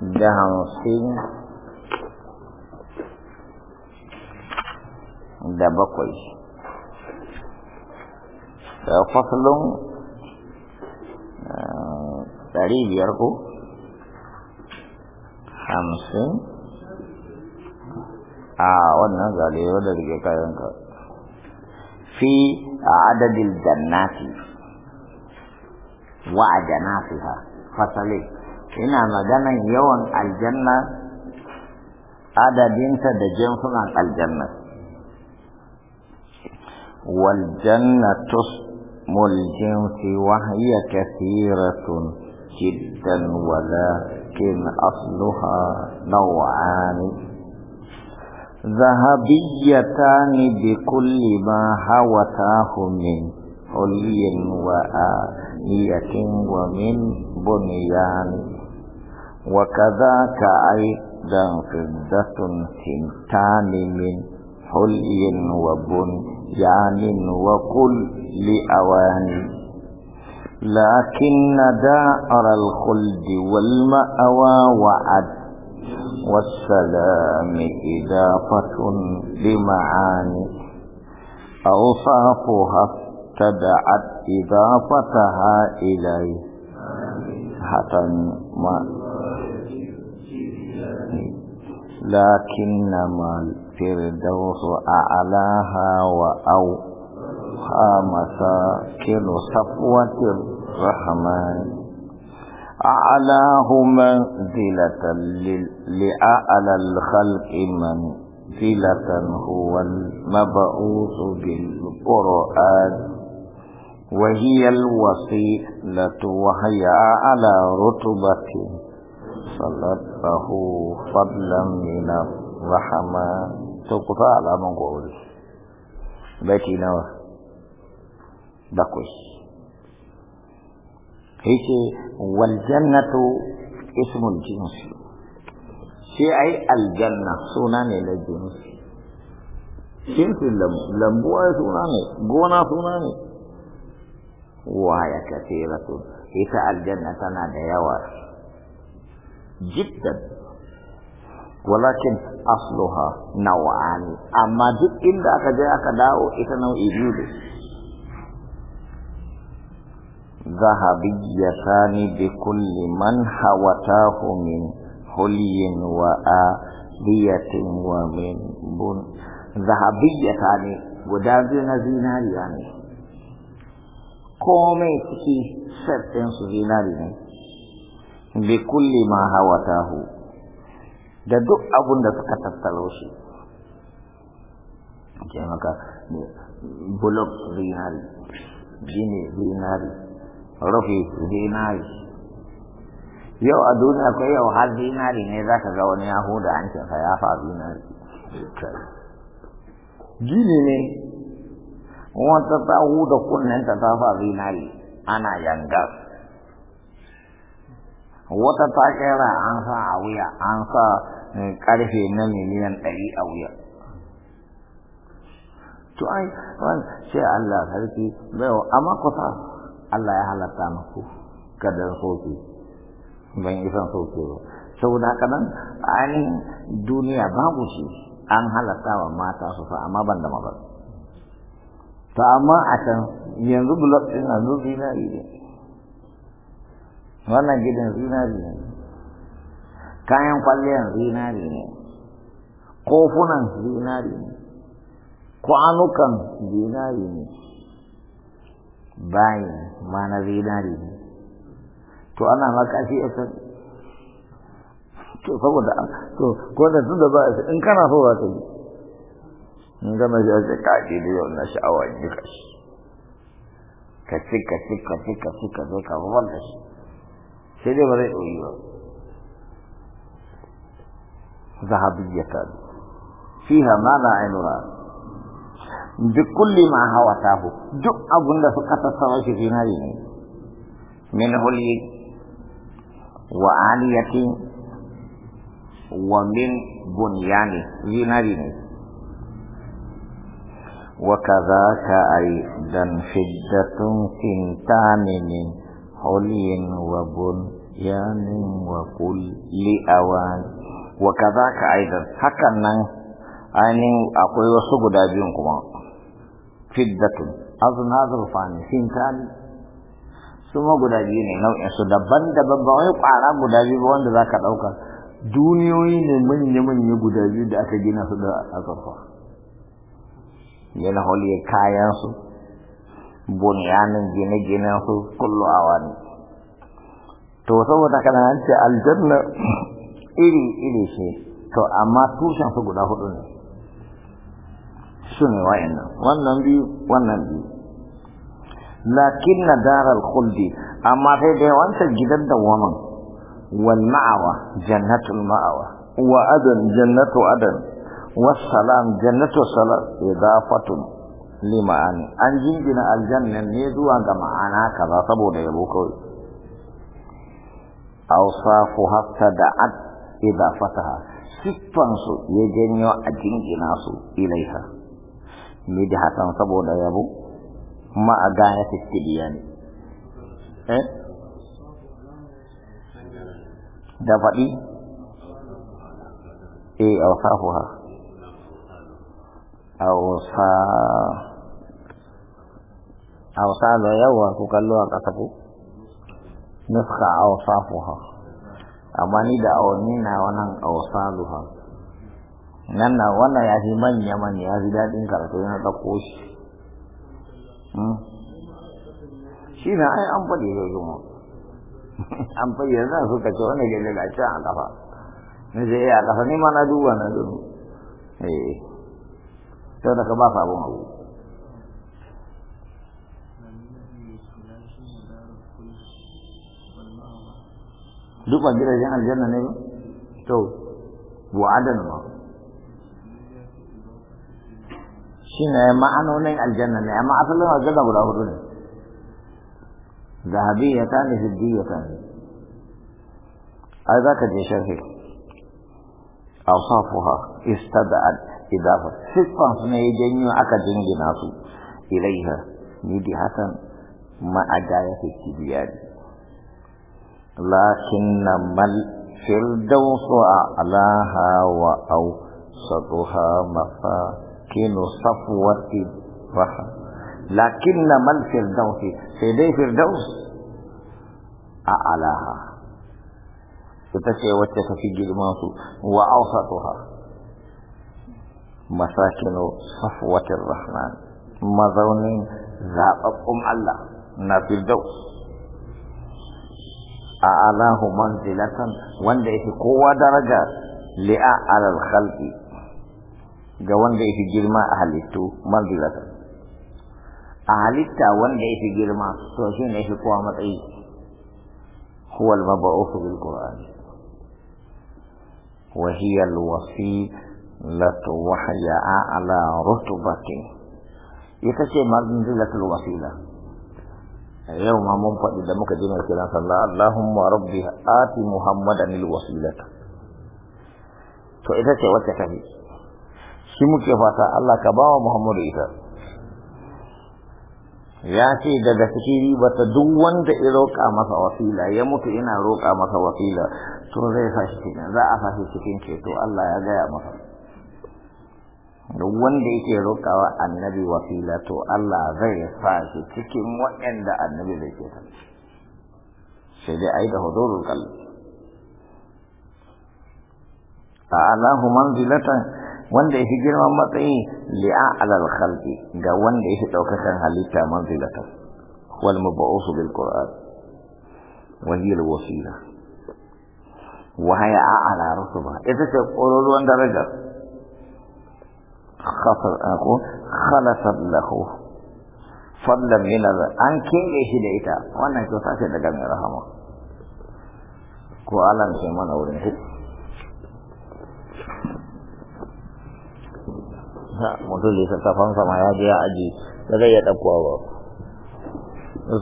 ده نصين ده بقي فصل يرقو خمسين آه وانا قالي وده دي في عدد الجنات وعدناتها فصلين ina maganan yawan aljanna adadinta da jinsunan aljanna wal jannatu mul jinsi wa hiya kathiratun jiddan walakin asluha naw'ani ذهبيتان بكل ما هوتاه من حلي وآنية ومن بنيان وكذاك أيضا فضة سمتان من حلي وبنيان وكل لأوان لكن دار الخلد والمأوى وعد والسلام إضافة لمعاني أوصافها ابتدعت إضافتها إليه حتى ما لكنما الفردوس أعلاها وأوحى كل صفوة الرحمن أعلاه منزلة لأعلى الخلق منزلة هو المبعوث بالقرآن وهي الوسيلة وهي على رتبة صلته فضلا من الرحمة توقفا على من قول بيتي نوى دقوش هيك والجنة اسم الجنس شيء الجنة سنان للجنس جنس لم لمبوا سنان غونا سنان وهي كثيرة إذا الجنة تنادي يا جدا ولكن أصلها نوعان أما جد إن ذاك جاءك داو إتنو إبيد ذهبيتان بكل من هوتاه من حلي وآلية ومن بن ذهبيتان ودازنا زيناريان يعني. komai ciki sharɗin su zinari ne bi kulli ma hawatahu da duk abun da suka tattalo shi ke maka bulok zinari gini zinari rufi zinari yau a duniya ko yau har zinari ne za ka ga wani huda an hancinsa ya fa zinari gini ne wata ta huda kunnen ta ta fa zinari ana yanga. wata ta kera an sa a wuya an sa eh, karfe na miliyan ɗari a wuya to ai wani sai Allah sarki bai amma sa Allah ya halatta muku kada soke ban isan soke ba saboda haka nan ainihin duniya babu shi an halatta wa mata su sa amma ban da maza to amma a can yanzu bulot ɗin yanzu na yi wannan gidan zinari ne kayan kwalliyar zinari ne kofunan zinari ne kwanukan zinari ne bayan ma na zinari ne to ana makashi a can to saboda to ko da tun da in kana so za ka yi in gama shi a kaji da yau na sha'awa in yi kashi ka ci ka ci ka ci ka ci shi چلے بڑے ہوئی ہو ذہبیتا فیہا مانا این راز بكل ما هو تاہو جو اگنڈا سو قطع سوشی فینا دینی من حلی و ومن بنيان في نارين فینا دینی وكذاك أيضا شدة إن من hauliyin wabun ya kuli a wani wa ka za ka aidan hakan nan ainihin akwai wasu guda biyun kuma fiddatun azun hazur fani sintan su ma guda biyu ne nau'in su daban daban ba wai kwara guda biyu ba wanda za ka ɗauka duniyoyi ne manya manya guda biyu da aka gina su da azurfa yana hauliyin kayansu. bunyanin gine-ginen su kullu awani to saboda kana an ce aljanna iri iri ce to amma tushen su guda hudu ne su ne wa'annan wannan biyu wannan biyu lakin na darar khuldi amma sai dai wancan gidan da waman wal ma'awa jannatul ma'awa wa adan jannatu adan والسلام جنة السلام إضافة lima'ani an jingina aljannan ne zuwa ga ma'ana kaza saboda yabo kawai awsafu hatta da'at idza fataha siffan su ya janyo a jingina su ilaiha midhatan saboda yabo ma a gaya tittibiyani eh da faɗi eh awsafuha awsa hausa da yawa ku kallo a ƙasa ku nuska hausa fuha amma ni da awanni na wannan hausa luha nan na wannan ya fi manya manya ya fi daɗin karatu na ɗauko shi shi na ai an faɗi da zuma an faɗi da zan suka ce wani gele ga can a ƙafa ni zai iya a ƙafa ni ma na duba na duba eh sau da ka ba sabon abu duk ba gidajen aljanna ne ba to wa'adan ma shi ne ma'anonin aljanna ne amma asalin aljanna guda hudu ne zahabiyata ne hiddiyata ne ai za ka je sharhi awsafuha istada'at idafa siffan su ne ya janyo aka jingina su ilaiha ni di hasan ma'adayati kibiyari لكن مل فردوس أعلاها وأوسطها مفاكن صفوة الرحم لكن مل فردوس سيدي فردوس أعلاها تتشي وتتفي جرماس وأوسطها مساكن صفوة الرحمن مظون ذاب أم الله نافردوس أعلاه منزلة وان في قوة درجة لأعلى الخلق جوان في أهل التو منزلة التو وان في جرما توشين في قوة مطعي هو المبعوث بالقرآن وهي الوسيلة لتوحي أعلى رتبة يتسمى منزلة الوسيلة yau ma mun faɗi da muka jina kiran sallah Allahumma rabbi ati Muhammadan alwasilata to ita ce wacce tafi shi muke fata Allah ka bawa Muhammadu ita ya ce daga cikin ribata duk wanda ya roƙa masa wasila ya mutu ina roƙa masa wasila to zai fashi cikin za a fashi cikin ceto Allah ya gaya masa duk wanda yake roƙawa annabi wasila to Allah zai sa shi cikin waɗanda annabi zai ke ta sai dai ai da hudurul qalbi a'alahu manzilatan wanda yake girman matsayi li'a alal khalqi ga wanda yake daukakan halitta manzilatan wal mab'us bil qur'an wa hiya al wasila wa hiya a'la rusba ita ce ƙororuwan daraja. khasar ako khalasar lahu fadlan min an kebe shi da ita wannan kyauta ce daga mai rahama ko alam mana wurin shi mutum da ya tafansa ma ya je ya aji da zai ya ɗauko ba